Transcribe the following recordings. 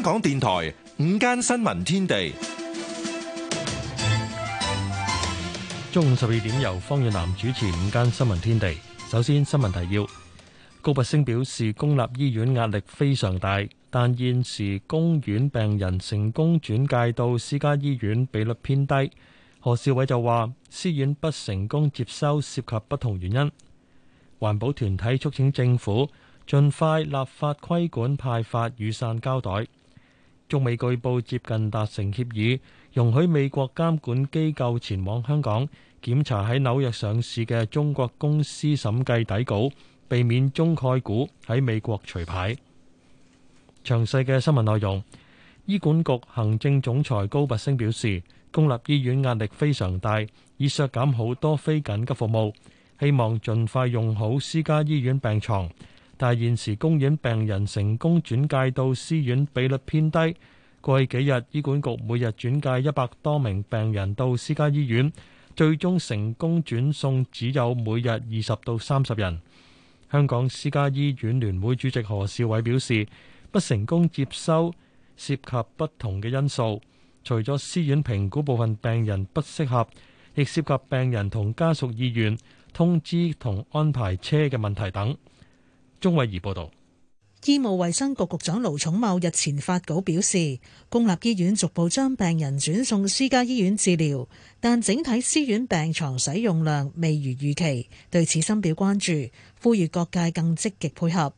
香港電台午間新聞天地，中午十二點由方遠南主持《午間新聞天地》。首先新聞提要：高拔陞表示公立醫院壓力非常大，但現時公院病人成功轉介到私家醫院比率偏低。何兆偉就話私院不成功接收涉及不同原因。環保團體促請政府盡快立法規管派發雨傘膠袋。中美據報接近達成協議，容許美國監管機構前往香港檢查喺紐約上市嘅中國公司審計底稿，避免中概股喺美國除牌。詳細嘅新聞內容，醫管局行政總裁高拔昇表示，公立醫院壓力非常大，已削減好多非緊急服務，希望盡快用好私家醫院病床。但係現時公院病人成功轉介到私院比率偏低。過去幾日，醫管局每日轉介一百多名病人到私家醫院，最終成功轉送只有每日二十到三十人。香港私家醫院聯會主席何兆偉表示，不成功接收涉及不同嘅因素，除咗私院評估部分病人不適合，亦涉及病人同家屬意願、通知同安排車嘅問題等。鍾慧儀報道，醫務衛生局局長盧寵茂日前發稿表示，公立醫院逐步將病人轉送私家醫院治療，但整體私院病床使用量未如預期，對此深表關注，呼籲各界更積極配合。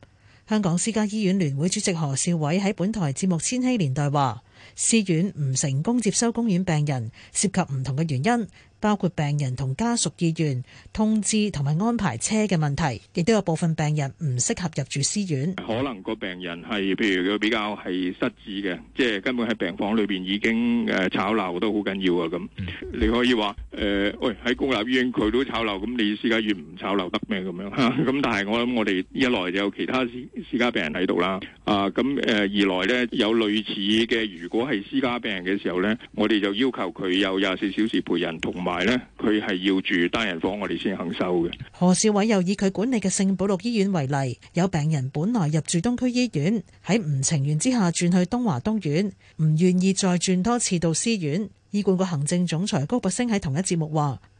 香港私家醫院聯會主席何少偉喺本台節目《千禧年代》話，私院唔成功接收公院病人，涉及唔同嘅原因。包括病人同家屬意願、通知同埋安排車嘅問題，亦都有部分病人唔適合入住私院。可能個病人係譬如佢比較係失智嘅，即係根本喺病房裏邊已經誒吵鬧都好緊要啊咁。你可以話誒、呃、喂喺公立醫院佢都吵鬧，咁你私家醫院唔吵鬧得咩咁樣吓？咁 但係我諗我哋一來就有其他私家私家病人喺度啦，啊咁誒二來咧有類似嘅，如果係私家病人嘅時候咧，我哋就要求佢有廿四小時陪人同埋埋咧，佢係要住單人房，我哋先肯收嘅。何兆煒又以佢管理嘅聖保祿醫院為例，有病人本來入住東區醫院，喺唔情願之下轉去東華東院，唔願意再轉多次到私院。醫管局行政總裁高拔陞喺同一節目話。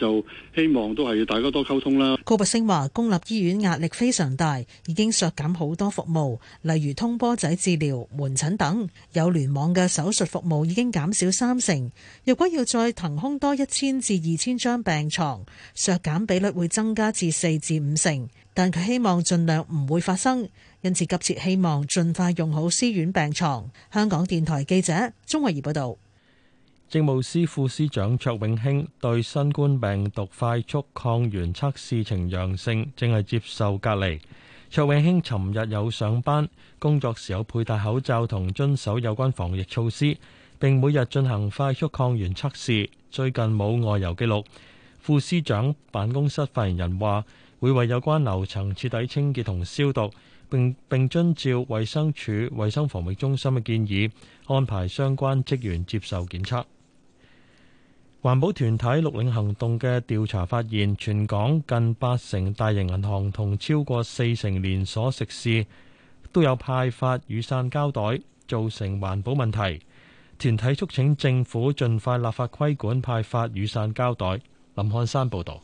就希望都係要大家要多溝通啦。高拔陞話：公立醫院壓力非常大，已經削減好多服務，例如通波仔治療、門診等。有聯網嘅手術服務已經減少三成。若果要再騰空多一千至二千張病床，削減比率會增加至四至五成。但佢希望盡量唔會發生，因此急切希望盡快用好私院病床。香港電台記者鍾慧儀報道。政務司副司長卓永興對新冠病毒快速抗原測試呈陽性，正係接受隔離。卓永興尋日有上班，工作時有佩戴口罩同遵守有關防疫措施，並每日進行快速抗原測試。最近冇外遊記錄。副司長辦公室發言人話，會為有關樓層徹底清潔同消毒，並並遵照衛生署衛生防疫中心嘅建議，安排相關職員接受檢測。環保團體綠領行動嘅調查發現，全港近八成大型銀行同超過四成連鎖食肆都有派發雨傘膠袋，造成環保問題。團體促請政府盡快立法規管派發雨傘膠袋。林漢山報道。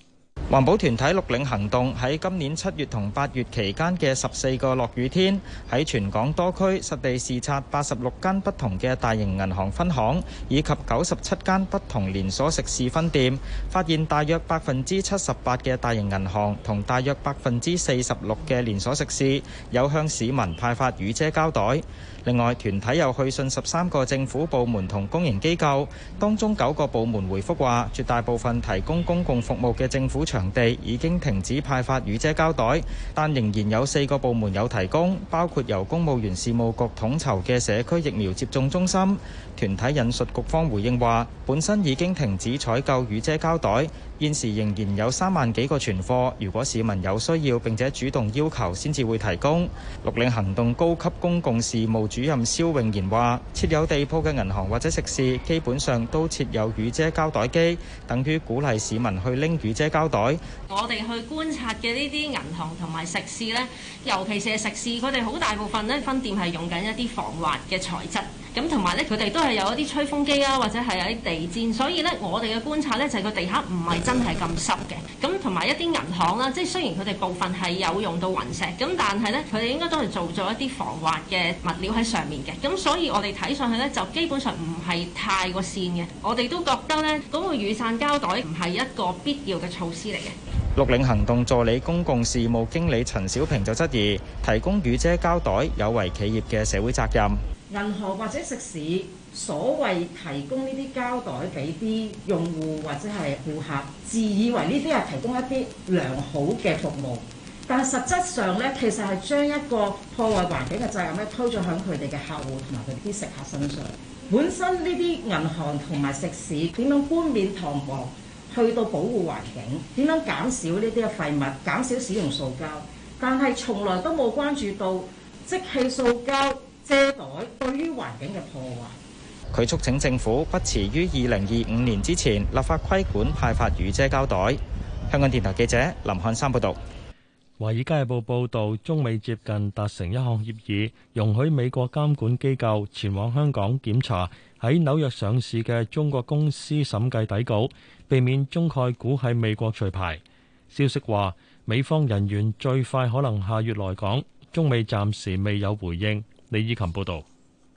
環保團體綠領行動喺今年七月同八月期間嘅十四個落雨天，喺全港多區實地視察八十六間不同嘅大型銀行分行以及九十七間不同連鎖食肆分店，發現大約百分之七十八嘅大型銀行同大約百分之四十六嘅連鎖食肆有向市民派發雨遮膠袋。另外，團體又去信十三個政府部門同公營機構，當中九個部門回覆話，絕大部分提供公共服務嘅政府場地已經停止派發雨遮膠袋，但仍然有四個部門有提供，包括由公務員事務局統籌嘅社區疫苗接種中心。團體引述局方回應話，本身已經停止採購雨遮膠袋，現時仍然有三萬幾個存貨。如果市民有需要並且主動要求，先至會提供。綠領行動高級公共事務主任蕭穎賢話，設有地鋪嘅銀行或者食肆基本上都設有雨遮膠袋機，等於鼓勵市民去拎雨遮膠袋。我哋去觀察嘅呢啲銀行同埋食肆呢，尤其是係食肆，佢哋好大部分呢分店係用緊一啲防滑嘅材質。咁同埋咧，佢哋都係有一啲吹風機啊，或者係有啲地氈，所以咧，我哋嘅觀察咧就係、是、個地下唔係真係咁濕嘅。咁同埋一啲銀行啦，即係雖然佢哋部分係有用到雲石，咁但係咧，佢哋應該都係做咗一啲防滑嘅物料喺上面嘅。咁所以我哋睇上去咧就基本上唔係太過跣嘅。我哋都覺得咧，嗰、那個雨傘膠袋唔係一個必要嘅措施嚟嘅。綠領行動助理公共事務經理陳小平就質疑，提供雨遮膠袋有違企業嘅社會責任。銀行或者食肆所謂提供呢啲膠袋俾啲用戶或者係顧客，自以為呢啲係提供一啲良好嘅服務，但係實質上呢，其實係將一個破壞環境嘅責任咧，推咗響佢哋嘅客戶同埋佢啲食客身上。本身呢啲銀行同埋食肆點樣冠冕堂皇去到保護環境，點樣減少呢啲嘅廢物，減少使用塑膠，但係從來都冇關注到即棄塑膠。遮袋對於環境嘅破壞，佢促請政府不遲於二零二五年之前立法規管派發雨遮膠袋。香港電台記者林漢山報導。《華爾街日報》報道，中美接近達成一項協議，容許美國監管機構前往香港檢查喺紐約上市嘅中國公司審計底稿，避免中概股喺美國除牌。消息話，美方人員最快可能下月來港。中美暫時未有回應。李依琴報道，《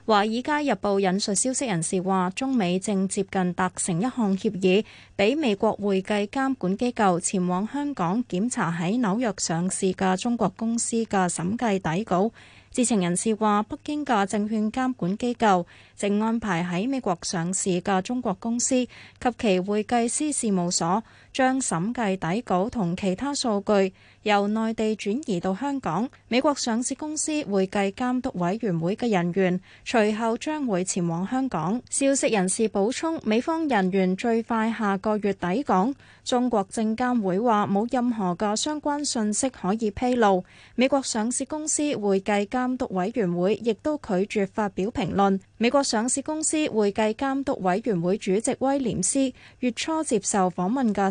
華爾街日報》引述消息人士話，中美正接近達成一項協議，俾美國會計監管機構前往香港檢查喺紐約上市嘅中國公司嘅審計底稿。知情人士話，北京嘅證券監管機構正安排喺美國上市嘅中國公司及其會計師事務所。將審計底稿同其他數據由內地轉移到香港，美國上市公司會計監督委員會嘅人員隨後將會前往香港。消息人士補充，美方人員最快下個月抵港。中國證監會話冇任何嘅相關信息可以披露。美國上市公司會計監督委員會亦都拒絕發表評論。美國上市公司會計監督委員會主席威廉斯月初接受訪問嘅。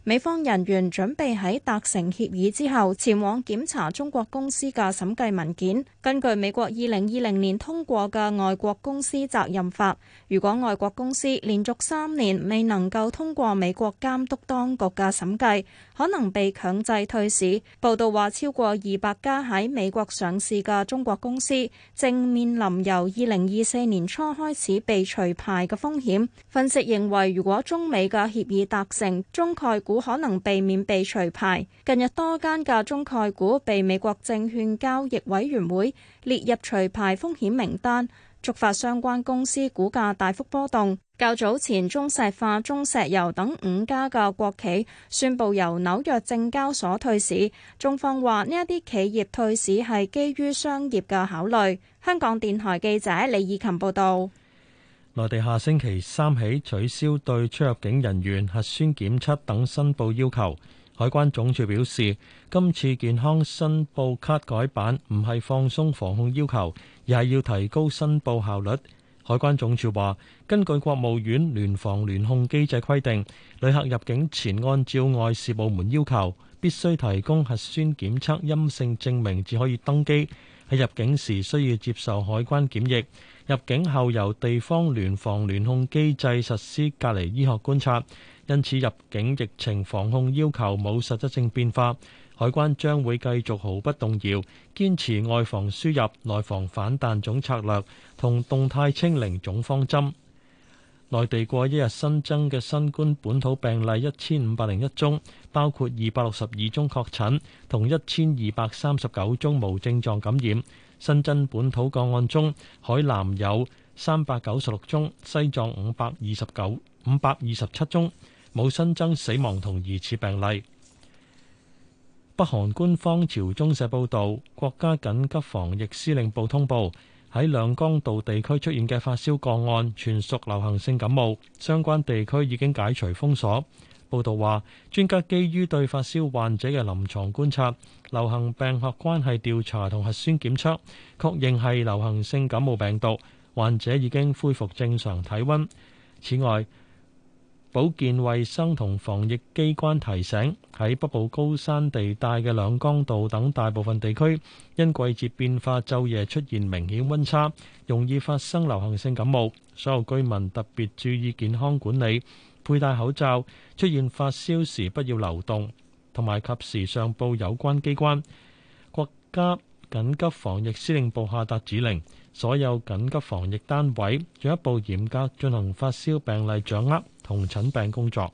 美方人員準備喺達成協議之後前往檢查中國公司嘅審計文件。根據美國二零二零年通過嘅《外國公司責任法》，如果外國公司連續三年未能夠通過美國監督當局嘅審計，可能被強制退市。報道話，超過二百家喺美國上市嘅中國公司正面臨由二零二四年初開始被除牌嘅風險。分析認為，如果中美嘅協議達成，中概股股可能避免被除牌。近日多間嘅中概股被美國證券交易委員會列入除牌風險名單，觸發相關公司股價大幅波動。較早前，中石化、中石油等五家嘅國企宣布由紐約證交所退市。中方話呢一啲企業退市係基於商業嘅考慮。香港電台記者李以琴報道。內地下星期三起取消對出入境人員核酸檢測等申報要求。海關總署表示，今次健康申報卡改版唔係放鬆防控要求，而係要提高申報效率。海關總署話，根據國務院聯防聯控機制規定，旅客入境前按照外事部門要求，必須提供核酸檢測陰性證明，至可以登機，喺入境時需要接受海關檢疫。入境後由地方聯防聯控機制實施隔離醫學觀察，因此入境疫情防控要求冇實質性變化。海關將會繼續毫不動搖，堅持外防輸入、內防反彈總策略同動態清零總方針。內地過一日新增嘅新冠本土病例一千五百零一宗，包括二百六十二宗確診，同一千二百三十九宗無症狀感染。新增本土個案中，海南有三百九十六宗，西藏五百二十九，五百二十七宗，冇新增死亡同疑似病例。北韓官方朝中社報道，國家緊急防疫司令部通報，喺兩江道地區出現嘅發燒個案全屬流行性感冒，相關地區已經解除封鎖。報道話，專家基於對發燒患者嘅臨床觀察、流行病學關係調查同核酸檢測，確認係流行性感冒病毒，患者已經恢復正常體温。此外，保健衛生同防疫機關提醒，喺北部高山地帶嘅兩江道等大部分地區，因季節變化，晝夜出現明顯温差，容易發生流行性感冒。所有居民特別注意健康管理。佩戴口罩，出現發燒時不要流動，同埋及時上報有關機關。國家緊急防疫司令部下達指令，所有緊急防疫單位進一步嚴格進行發燒病例掌握同診病工作。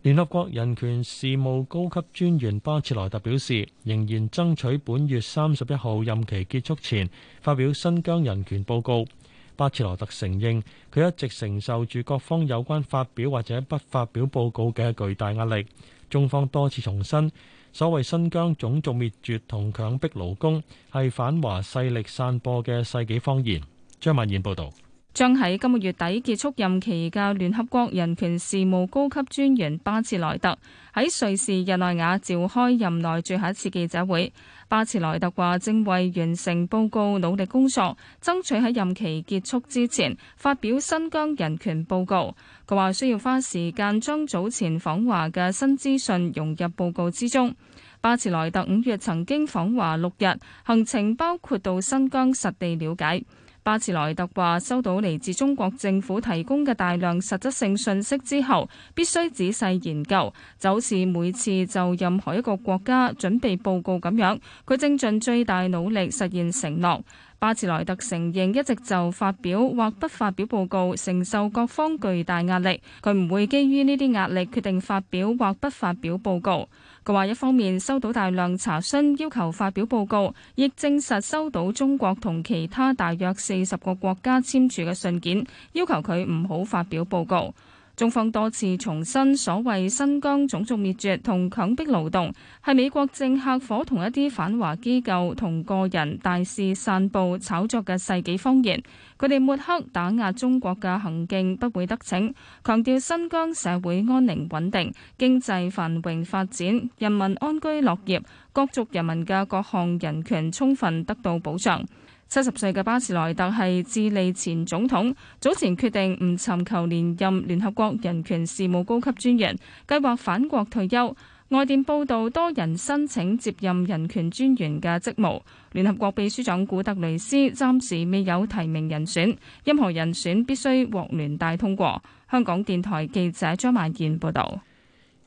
聯合國人權事務高級專員巴切萊特表示，仍然爭取本月三十一號任期結束前發表新疆人權報告。巴切羅特承認，佢一直承受住各方有關發表或者不發表報告嘅巨大壓力。中方多次重申，所謂新疆種族滅絕同強迫勞工係反華勢力散播嘅世紀謊言。張曼燕報道。將喺今個月底結束任期嘅聯合國人權事務高級專員巴茨萊特喺瑞士日內瓦召開任內最後一次記者會。巴茨萊特話正為完成報告努力工作，爭取喺任期結束之前發表新疆人權報告。佢話需要花時間將早前訪華嘅新資訊融入報告之中。巴茨萊特五月曾經訪華六日，行程包括到新疆實地了解。巴茨萊特話：收到嚟自中國政府提供嘅大量實質性信息之後，必須仔細研究，就好似每次就任何一個國家準備報告咁樣。佢正盡最大努力實現承諾。巴茨萊特承認一直就發表或不發表報告，承受各方巨大壓力，佢唔會基於呢啲壓力決定發表或不發表報告。佢話一方面收到大量查詢要求發表報告；亦證實收到中國同其他大約四十個國家簽署嘅信件，要求佢唔好發表報告。中方多次重申，所謂新疆種族滅絕同強迫勞動，係美國政客夥同一啲反華機構同個人大肆散布炒作嘅世紀謊言。佢哋抹黑打壓中國嘅行徑不會得逞。強調新疆社會安寧穩定，經濟繁榮發展，人民安居樂業，各族人民嘅各項人權充分得到保障。七十歲嘅巴斯萊特係智利前總統，早前決定唔尋求連任聯合國人權事務高級專員，計劃返國退休。外電報道，多人申請接任人權專員嘅職務。聯合國秘書長古特雷斯暫時未有提名人選，任何人選必須獲聯大通過。香港電台記者張萬健報導。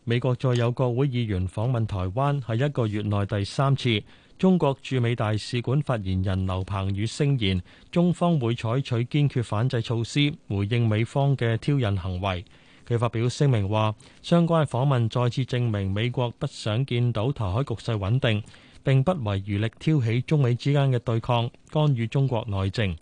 美國再有國會議員訪問台灣，係一個月內第三次。中國駐美大使館發言人劉鵬宇聲言，中方會採取堅決反制措施，回應美方的挑釁行為。他發表聲明說，相關的訪問再次證明美國不想見到台海局勢穩定，並不遺餘力挑起中美之間的對抗，干預中國內政。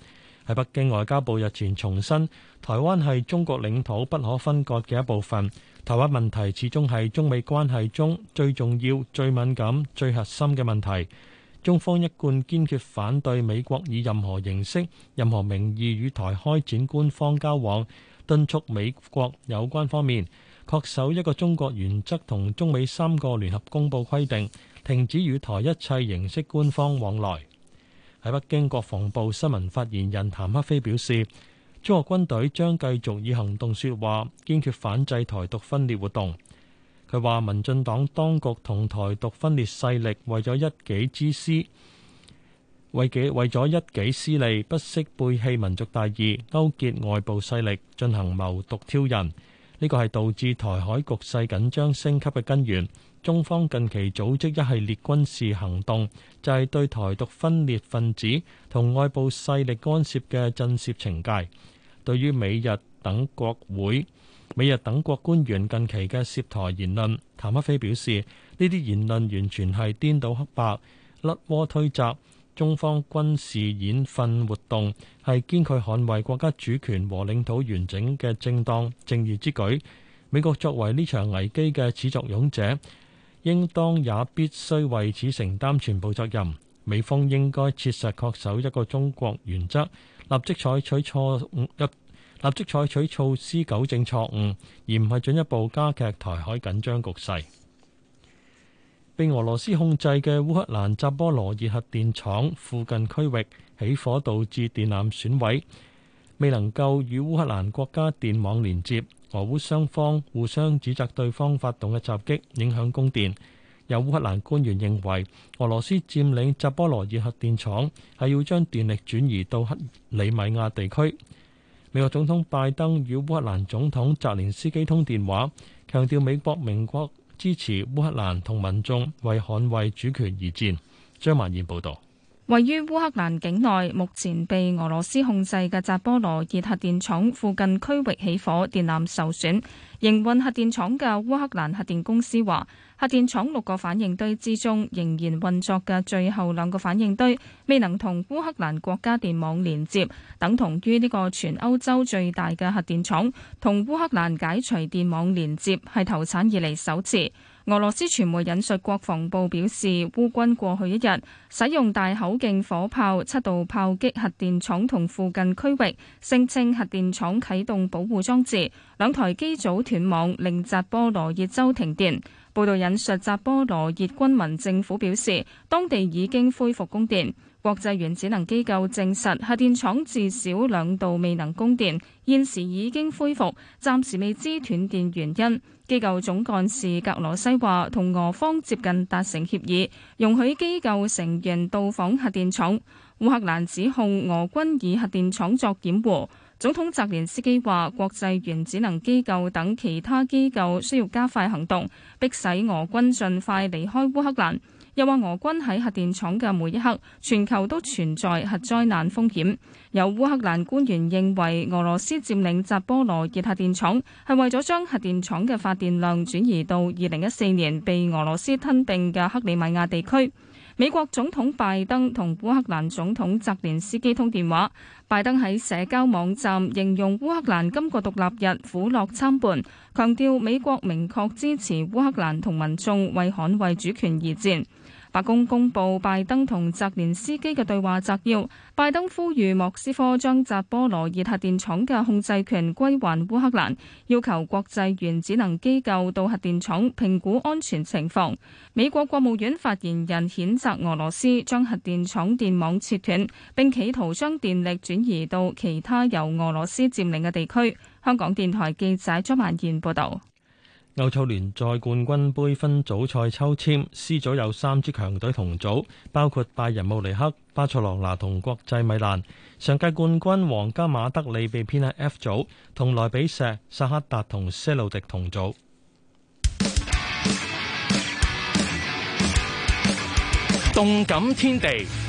在北京外交部日前重申，台灣是中國領土不可分割的一部分，台灣問題始終是中美關係中最重要、最敏感、最核心的問題。中方一貫堅決反對美國以任何形式、任何名義與台開展官方交往，敦促美國有關方面恪守一個中國原則同中美三個聯合公布規定，停止與台一切形式官方往來。喺北京，國防部新聞發言人譚克非表示，中國軍隊將繼續以行動說話，堅決反制台獨分裂活動。佢話：民進黨當局同台獨分裂勢力為咗一己之私，為己為咗一己私利，不惜背棄民族大義，勾結外部勢力進行謀獨挑釁。呢個係導致台海局勢緊張升級嘅根源。中方近期組織一系列軍事行動，就係對台獨分裂分子同外部勢力干涉嘅震懾懲戒。對於美日等國會，美日等國官員近期嘅涉台言論，譚克非表示呢啲言論完全係顛倒黑白、甩鍋推責。中方軍事演訓活動係堅決捍衛國家主權和領土完整嘅正當正義之舉。美國作為呢場危機嘅始作俑者，應當也必須為此承擔全部責任。美方應該切實恪守一個中國原則，立即採取錯誤一。立即採取措施糾正錯誤，而唔係進一步加劇台海緊張局勢。被俄羅斯控制嘅烏克蘭扎波羅爾核電廠附近區域起火，導致電纜損毀，未能夠與烏克蘭國家電網連接。俄烏雙方互相指責對方發動嘅襲擊影響供電。有烏克蘭官員認為，俄羅斯佔領扎波羅爾核電廠係要將電力轉移到克里米亞地區。美國總統拜登與烏克蘭總統澤連斯基通電話，強調美國明確支持烏克蘭同民眾為捍衛主權而戰。張曼燕報導，位於烏克蘭境內、目前被俄羅斯控制嘅扎波羅熱核電廠附近區域起火，電纜受損。營運核電廠嘅烏克蘭核電公司話，核電廠六個反應堆之中，仍然運作嘅最後兩個反應堆未能同烏克蘭國家電網連接，等同於呢個全歐洲最大嘅核電廠同烏克蘭解除電網連接係投產以嚟首次。俄羅斯傳媒引述國防部表示，烏軍過去一日使用大口徑火炮七度炮擊核電廠同附近區域，聲稱核電廠啟動保護裝置，兩台機組斷網，令扎波羅熱州停電。報道引述扎波羅熱軍民政府表示，當地已經恢復供電。國際原子能機構證實，核電廠至少兩度未能供電，現時已經恢復，暫時未知斷電原因。機構總幹事格羅西話，同俄方接近達成協議，容許機構成員到訪核電廠。烏克蘭指控俄軍以核電廠作掩護。總統澤連斯基話，國際原子能機構等其他機構需要加快行動，迫使俄軍盡快離開烏克蘭。又話俄軍喺核電廠嘅每一刻，全球都存在核災難風險。有烏克蘭官員認為，俄羅斯佔領扎波羅熱核電廠係為咗將核電廠嘅發電量轉移到二零一四年被俄羅斯吞並嘅克里米亞地區。美國總統拜登同烏克蘭總統澤連斯基通電話，拜登喺社交網站形容烏克蘭今個獨立日苦樂參半，強調美國明確支持烏克蘭同民眾為捍衛主權而戰。白宮公佈拜登同澤連斯基嘅對話摘要，拜登呼籲莫斯科將扎波羅熱核電廠嘅控制權歸還烏克蘭，要求國際原子能機構到核電廠評估安全情況。美國國務院發言人譴責俄羅斯將核電廠電網切斷，並企圖將電力轉移到其他由俄羅斯佔領嘅地區。香港電台記者張曼燕報道。歐足聯在冠軍杯分組賽抽簽，C 組有三支強隊同組，包括拜仁慕尼黑、巴塞羅那同國際米蘭。上屆冠軍皇家馬德里被編喺 F 組，同萊比錫、薩克達同些路迪同組。動感天地。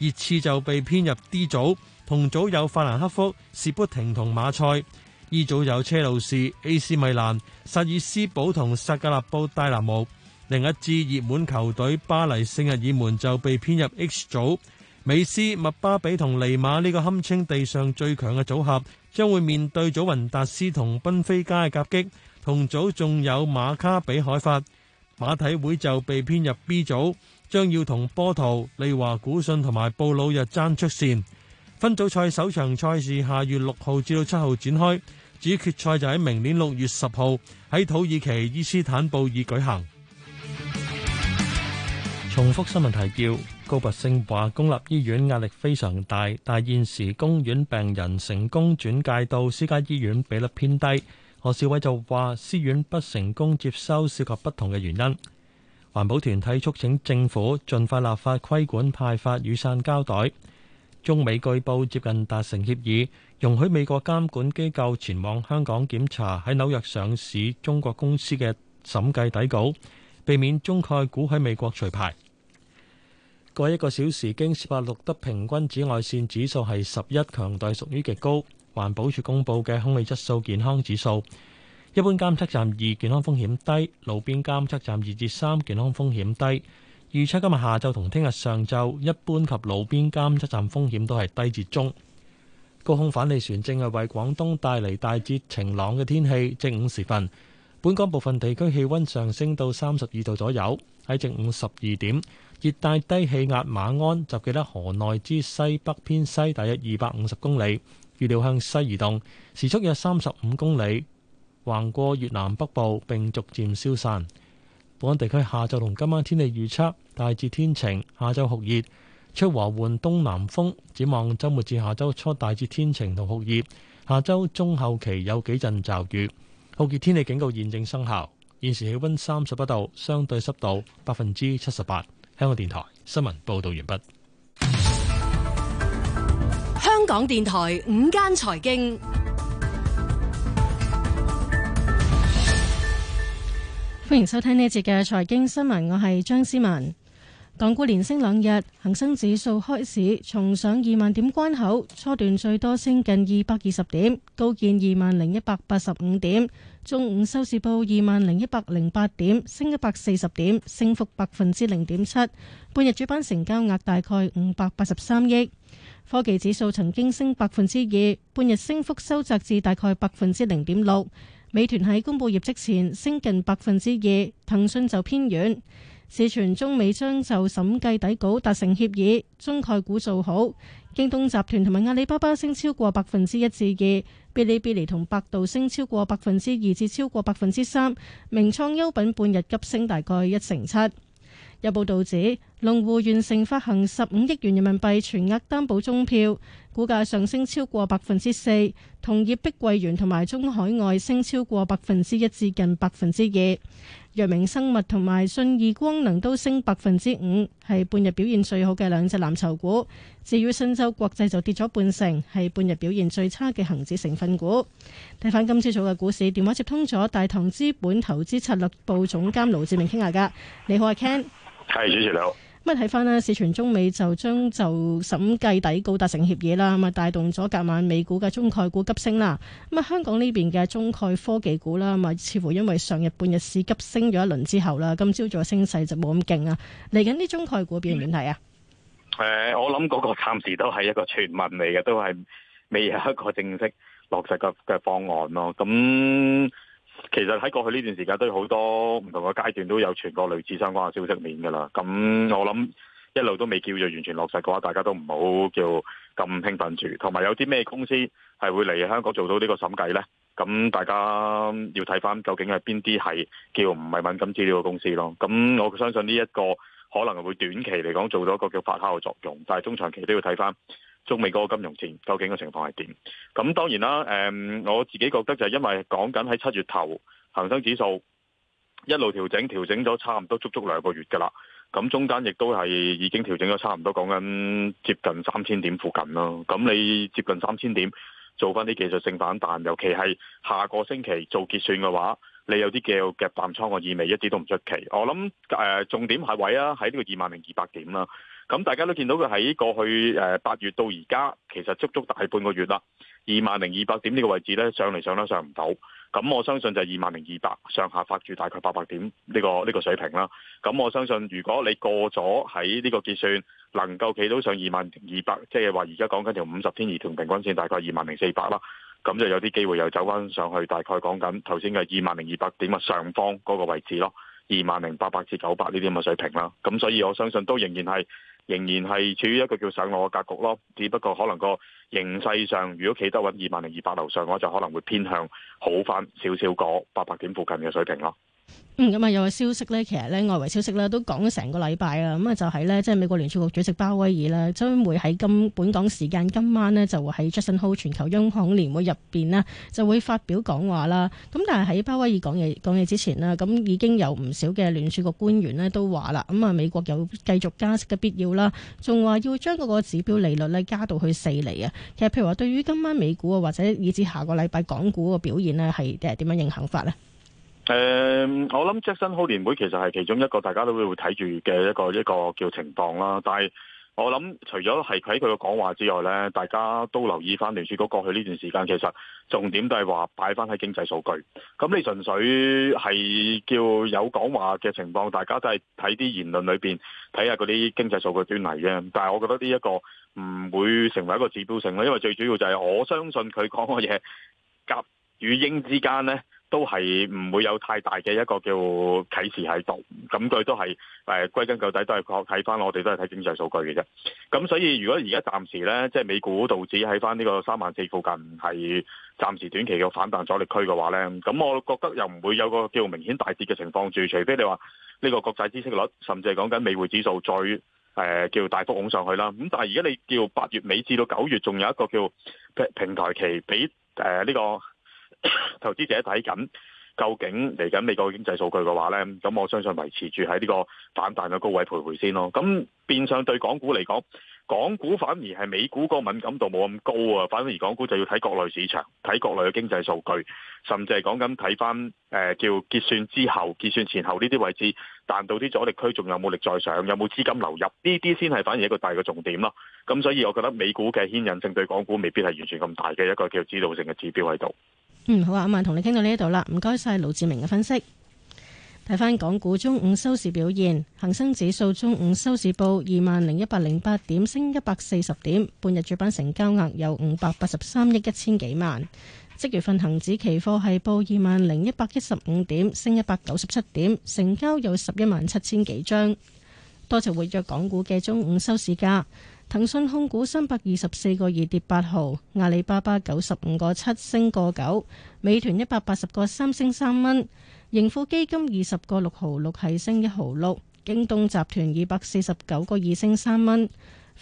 熱刺就被編入 D 組，同組有法蘭克福、士砵亭同馬賽。E 組有車路士、AC 米蘭、薩爾斯堡同薩格勒布戴拿模。另一支熱門球隊巴黎聖日耳門就被編入 H 組，美斯、麥巴比同尼馬呢個堪稱地上最強嘅組合，將會面對祖雲達斯同賓菲加嘅夾擊。同組仲有馬卡比海法，馬體會就被編入 B 組。將要同波圖、利華古遜同埋布魯日爭出線。分組賽首場賽事下月六號至到七號展開，至於決賽就喺明年六月十號喺土耳其伊斯坦布爾舉行。重複新聞提要：高拔升話公立醫院壓力非常大，但現時公院病人成功轉介到私家醫院比率偏低。何兆偉就話私院不成功接收涉及不同嘅原因。環保團體促請政府盡快立法規管派發雨傘膠袋。中美據報接近達成協議，容許美國監管機構前往香港檢查喺紐約上市中國公司嘅審計底稿，避免中概股喺美國除牌。過一個小時，京士柏錄得平均紫外線指數係十一，強度屬於極高。環保署公布嘅空氣質素健康指數，一般監測站二，健康風險低，路邊監測站二至三，健康風險低。預測今日下晝同聽日上晝一般及路邊監測站風險都係低至中。高空反氣旋正係為廣東帶嚟大致晴朗嘅天氣。正午時分，本港部分地區氣温上升到三十二度左右。喺正午十二點，熱帶低氣壓馬鞍集結喺河內之西北偏西大約二百五十公里，預料向西移動，時速約三十五公里。橫過越南北部，並逐漸消散。本港地區下晝同今晚天氣預測，大致天晴，下晝酷熱，出和緩東南風。展望周末至下周初大致天晴同酷熱，下周中後期有幾陣驟雨。酷熱天氣警告現正生效。現時氣温三十八度，相對濕度百分之七十八。香港電台新聞報道完畢。香港電台五間財經。歡迎收聽呢一節嘅財經新聞，我係張思文。港股連升兩日，恒生指數開市重上二萬點關口，初段最多升近二百二十點，高見二萬零一百八十五點。中午收市報二萬零一百零八點，升一百四十點，升幅百分之零點七。半日主板成交額大概五百八十三億。科技指數曾經升百分之二，半日升幅收窄至大概百分之零點六。美團喺公佈業績前升近百分之二，騰訊就偏軟。市傳中美將就審計底稿達成協議，中概股做好。京東集團同埋阿里巴巴升超過百分之一至二，嗶哩嗶哩同百度升超過百分之二至超過百分之三。名創優品半日急升大概一成七。有報道指，龍湖完成發行十五億元人民幣全額擔保中票。股價上升超過百分之四，同業碧桂園同埋中海外升超過百分之一至近百分之二。藥明生物同埋信義光能都升百分之五，係半日表現最好嘅兩隻藍籌股。至於申洲國際就跌咗半成，係半日表現最差嘅恒指成分股。睇翻今朝早嘅股市，電話接通咗大唐資本投資策略部總監盧志明傾下㗎。你好啊，Ken。係主持你好。咁睇翻咧，市傳中美就將就審計底稿達成協議啦，咁啊帶動咗隔晚美股嘅中概股急升啦。咁啊，香港呢邊嘅中概科技股啦，咁啊似乎因為上日半日市急升咗一輪之後啦，今朝早嘅升勢就冇咁勁啦。嚟緊啲中概股表現點睇啊？誒、嗯呃，我諗嗰個暫時都係一個傳聞嚟嘅，都係未有一個正式落實嘅嘅方案咯。咁。其實喺過去呢段時間都有好多唔同嘅階段都有傳過類似相關嘅消息面噶啦，咁我諗一路都未叫做完全落實嘅話，大家都唔好叫咁興奮住。同埋有啲咩公司係會嚟香港做到呢個審計呢？咁大家要睇翻，究竟係邊啲係叫唔係敏感資料嘅公司咯。咁我相信呢一個可能會短期嚟講做到一個叫發酵嘅作用，但係中長期都要睇翻。中美嗰個金融戰究竟個情況係點？咁當然啦，誒、嗯、我自己覺得就係因為講緊喺七月頭，恒生指數一路調整，調整咗差唔多足足兩個月㗎啦。咁中間亦都係已經調整咗差唔多，講緊接近三千點附近咯。咁你接近三千點做翻啲技術性反彈，尤其係下個星期做結算嘅話，你有啲叫夾淡倉嘅意味，一啲都唔出奇。我諗誒、呃、重點係位啊，喺呢個二萬零二百點啦。咁大家都見到佢喺過去誒、八月到而家，其實足足大半個月啦，二萬零二百點呢個位置呢，上嚟上得上唔到。咁我相信就二萬零二百上下發住大概八百點呢個呢個水平啦。咁我相信如果你過咗喺呢個結算，能夠企到上二萬零二百，即係話而家講緊條五十天移動平均線大概二萬零四百啦，咁就有啲機會又走翻上去，大概講緊頭先嘅二萬零二百點嘅上方嗰個位置咯，二萬零八百至九百呢啲咁嘅水平啦。咁所以我相信都仍然係。仍然係處於一個叫上落嘅格局咯，只不過可能個形勢上，如果企得穩二萬零二百樓上嘅話，就可能會偏向好翻少少過八百點附近嘅水平咯。咁啊，有個消息呢，其實呢，外圍消息呢都講咗成個禮拜啊。咁啊，就係呢，即係美國聯儲局主席鮑威爾咧，將會喺今本港時間今晚呢，就會喺 Jackson Hole 全球央行年會入邊呢，就會發表講話啦。咁但係喺鮑威爾講嘢講嘢之前呢，咁已經有唔少嘅聯儲局官員呢都話啦，咁啊，美國有繼續加息嘅必要啦，仲話要將嗰個指標利率呢加到去四厘啊。其實，譬如話，對於今晚美股啊，或者以至下個禮拜港股嘅表現是呢，係誒點樣影響法呢？誒、嗯，我諗 Jackson Hole 年會其實係其中一個大家都會會睇住嘅一個一個叫情況啦。但係我諗除咗係喺佢嘅講話之外呢，大家都留意翻聯儲局過去呢段時間，其實重點都係話擺翻喺經濟數據。咁你純粹係叫有講話嘅情況，大家都係睇啲言論裏邊睇下嗰啲經濟數據端倪嘅。但係我覺得呢一個唔會成為一個指標性啦，因為最主要就係我相信佢講嘅嘢，鴿與鷹之間呢都係唔會有太大嘅一個叫啟示喺度，咁佢都係誒歸根究底都係確睇翻我哋都係睇經濟數據嘅啫。咁所以如果而家暫時咧，即係美股道指喺翻呢個三萬四附近係暫時短期嘅反彈阻力區嘅話咧，咁我覺得又唔會有個叫明顯大跌嘅情況住，除非你話呢個國際息率甚至係講緊美匯指數再誒、呃、叫大幅拱上去啦。咁但係而家你叫八月尾至到九月仲有一個叫平台期比，比誒呢個。 投資者睇緊究竟嚟緊美國經濟數據嘅話呢咁我相信維持住喺呢個反彈嘅高位徘徊先咯。咁變相對港股嚟講，港股反而係美股個敏感度冇咁高啊。反而港股就要睇國內市場，睇國內嘅經濟數據，甚至係講緊睇翻誒叫結算之後、結算前後呢啲位置，彈到啲阻力區仲有冇力再上，有冇資金流入呢啲先係反而一個大嘅重點咯。咁所以我覺得美股嘅牽引性對港股未必係完全咁大嘅一個叫指導性嘅指標喺度。嗯，好啊，阿曼，同你傾到呢一度啦，唔該晒盧志明嘅分析。睇翻港股中午收市表現，恒生指數中午收市報二萬零一百零八點，升一百四十點，半日主板成交額有五百八十三億一千幾萬。即月份恒指期貨係報二萬零一百一十五點，升一百九十七點，成交有十一萬七千幾張。多謝活躍港股嘅中午收市價。騰訊控股三百二十四個二跌八毫，阿里巴巴九十五個七升個九，美團一百八十個三升三蚊，盈富基金二十個六毫六係升一毫六，京東集團二百四十九個二升三蚊，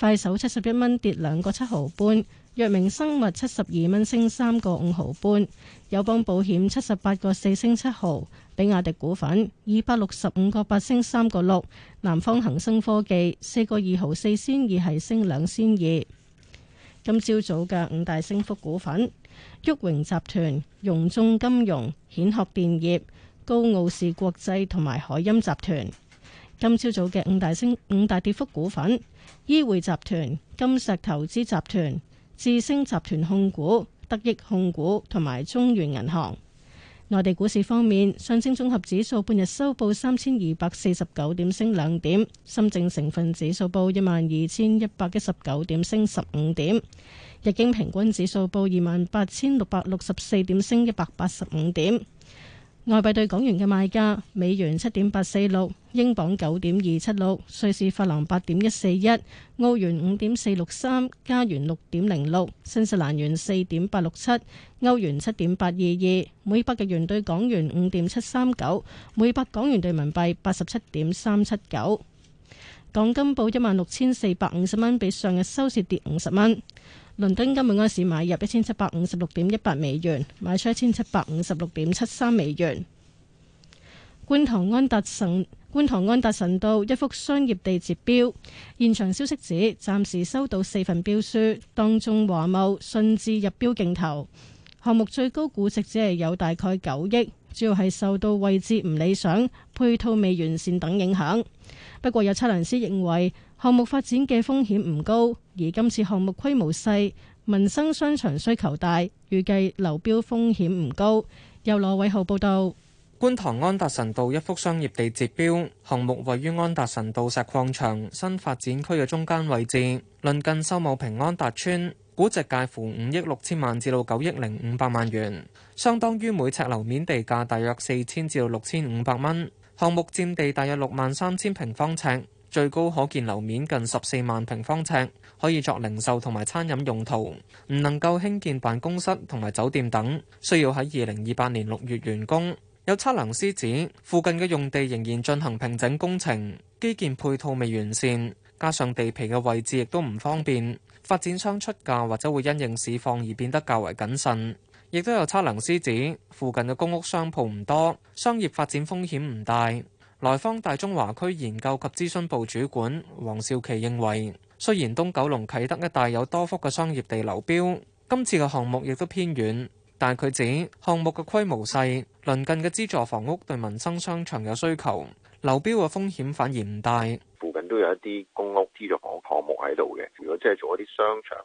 快手七十一蚊跌兩個七毫半。藥明生物七十二蚊升三個五毫半，友邦保險七十八個四升七毫，比亞迪股份二百六十五個八升三個六，南方恒生科技四個二毫四仙二係升兩仙二。今朝早嘅五大升幅股份：旭榮集團、融眾金融、顯學電業、高奧士國際同埋海音集團。今朝早嘅五大升五大跌幅股份：醫匯集團、金石投資集團。智星集團控股、得益控股同埋中原銀行。內地股市方面，上證綜合指數半日收報三千二百四十九點，升兩點；深證成分指數報一萬二千一百一十九點，升十五點；日經平均指數報二萬八千六百六十四點，升一百八十五點。外幣兌港元嘅賣價：美元七點八四六，英鎊九點二七六，瑞士法郎八點一四一，澳元五點四六三，加元六點零六，新西蘭元四點八六七，歐元七點八二二，每百日元兌港元五點七三九，每百港元兌人民幣八十七點三七九。港金報一萬六千四百五十蚊，比上日收市跌五十蚊。倫敦金每安士買入一千七百五十六點一八美元，賣出一千七百五十六點七三美元。觀塘安達臣，觀塘安達臣道一幅商業地接標，現場消息指暫時收到四份標書，當中華懋順至入標競投。項目最高估值只係有大概九億，主要係受到位置唔理想、配套未完善等影響。不過有測量師認為，項目發展嘅風險唔高，而今次項目規模細，民生商場需求大，預計流標風險唔高。由羅偉豪報導。觀塘安達臣道一幅商業地截標，項目位於安達臣道石礦場新發展區嘅中間位置，鄰近秀茂坪安達邨，估值介乎五億六千萬至到九億零五百萬元，相當於每尺樓面地價大約四千至六千五百蚊。項目佔地大約六萬三千平方尺。最高可建樓面近十四萬平方尺，可以作零售同埋餐飲用途，唔能夠興建辦公室同埋酒店等。需要喺二零二八年六月完工。有測量師指附近嘅用地仍然進行平整工程，基建配套未完善，加上地皮嘅位置亦都唔方便，發展商出價或者會因應市況而變得較為謹慎。亦都有測量師指附近嘅公屋商鋪唔多，商業發展風險唔大。萊坊大中華區研究及諮詢部主管黃少琪認為，雖然東九龍啟德一帶有多幅嘅商業地流標，今次嘅項目亦都偏遠，但係佢指項目嘅規模細，鄰近嘅資助房屋對民生商場有需求，流標嘅風險反而唔大。附近都有一啲公屋資助房屋項目喺度嘅，如果即係做一啲商場。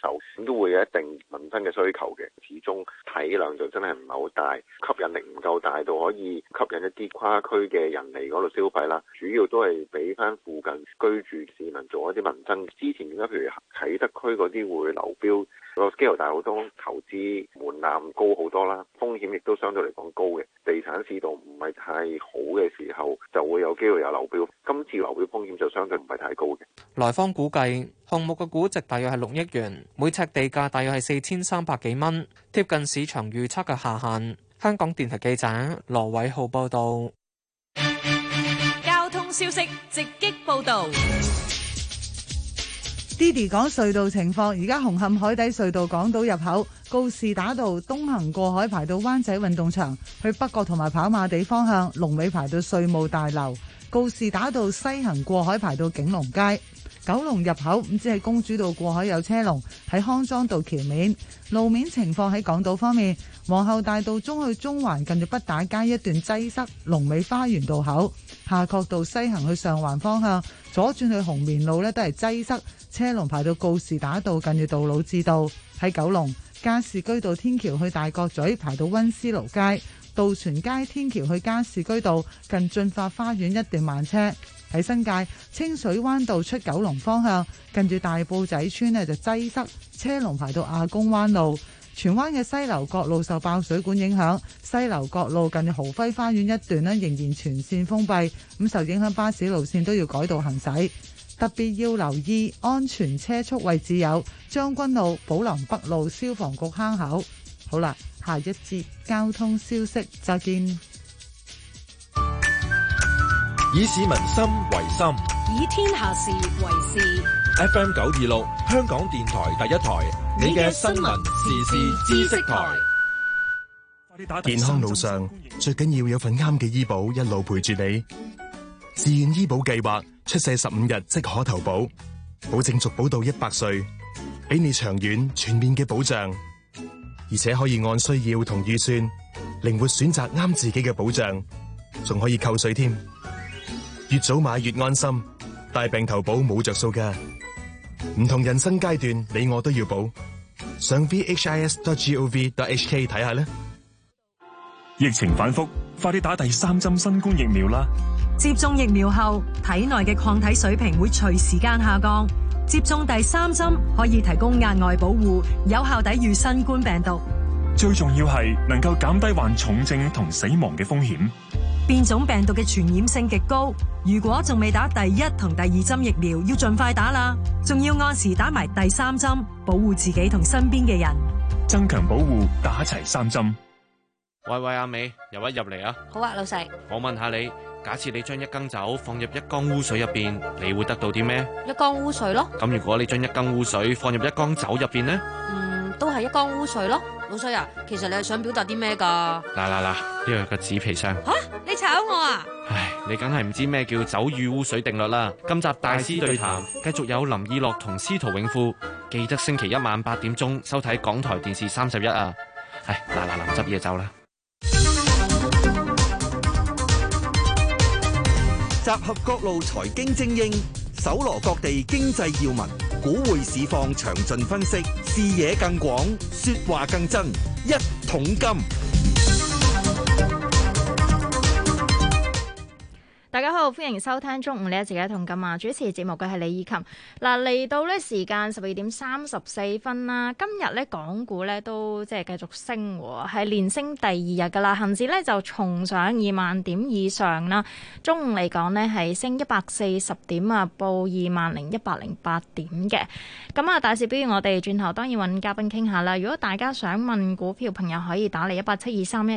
首先都會有一定民生嘅需求嘅，始終體量就真係唔係好大，吸引力唔夠大到可以吸引一啲跨區嘅人嚟嗰度消費啦。主要都係俾翻附近居住市民做一啲民生。之前點解譬如啟德區嗰啲會流標？個規模大好多，投資門檻高好多啦，風險亦都相對嚟講高嘅。地產市道唔係太好嘅時候，就會有機會有流標。今次流標風險就相對唔係太高嘅。萊坊估計項目嘅估值大約係六億元，每尺地價大約係四千三百幾蚊，貼近市場預測嘅下限。香港電台記者羅偉浩報道。交通消息直擊報道。睇睇講隧道情況，而家紅磡海底隧道港島入口告士打道東行過海，排到灣仔運動場去北角同埋跑馬地方向龍尾，排到稅務大樓。告士打道西行過海排到景隆街，九龍入口唔知喺公主道過海有車龍，喺康莊道橋面路面情況，喺港島方面，皇后大道中去中環近住北打街一段擠塞，龍尾花園道口，下角道西行去上環方向，左轉去紅棉路呢都係擠塞，車龍排到告士打道近住道路至道，喺九龍加士居道天橋去大角咀排到溫思勞街。渡船街天橋去加士居道近駿發花園一段慢車，喺新界清水灣道出九龍方向，近住大埔仔村呢就擠塞，車龍排到亞公灣路。荃灣嘅西樓角路受爆水管影響，西樓角路近豪輝花園一段呢仍然全線封閉，咁受影響巴士路線都要改道行駛。特別要留意安全車速位置有將軍路、寶林北路、消防局坑口。好啦。下一節交通消息，再見。以市民心為心，以天下事為事。FM 九二六，香港電台第一台，一台你嘅新聞，新聞時事知識台。健康路上最緊要有份啱嘅醫保，一路陪住你。自願醫保計劃，出世十五日即可投保，保證續保到一百歲，俾你長遠全面嘅保障。而且可以按需要同預算靈活選擇啱自己嘅保障，仲可以扣稅添。越早買越安心，大病投保冇着數㗎。唔同人生階段，你我都要保。上 VHIS.gov.hk 睇下啦。疫情反覆，快啲打第三針新冠疫苗啦。接種疫苗後，體內嘅抗體水平會隨時間下降。接種第三針可以提供額外保護，有效抵御新冠病毒。最重要係能夠減低患重症同死亡嘅風險。變種病毒嘅傳染性極高，如果仲未打第一同第二針疫苗，要盡快打啦。仲要按時打埋第三針，保護自己同身邊嘅人，增強保護，打齊三針。喂喂，阿美，入一入嚟啊！好啊，老細，我問下你。假設你將一羹酒放入一缸污水入邊，你會得到啲咩？一缸污水咯。咁如果你將一羹污水放入一缸酒入邊呢？嗯，都係一缸污水咯。老細啊，其實你係想表達啲咩噶？嗱嗱嗱，呢個係個紙皮箱。吓，你炒我啊？唉，你梗係唔知咩叫酒與污水定律啦。今集大師對談繼續有林意樂同司徒永富，記得星期一晚八點鐘收睇港台電視三十一啊。唉，嗱嗱臨執嘢走啦。集合各路財經精英，搜羅各地經濟要聞，股匯市況，詳盡分析，視野更廣，說話更真，一桶金。大家好，歡迎收聽中午呢一節嘅《同感》，主持節目嘅係李以琴。嗱，嚟到呢時間十二點三十四分啦，今日港股都即係繼續升，係連升第二日噶啦，恒指呢就重上二萬點以上啦。中午嚟講呢係升一百四十點啊，報二萬零一百零八點嘅。咁啊，大市不如我哋轉頭，當然揾嘉賓傾下啦。如果大家想問股票朋友，可以打嚟一八七二三一。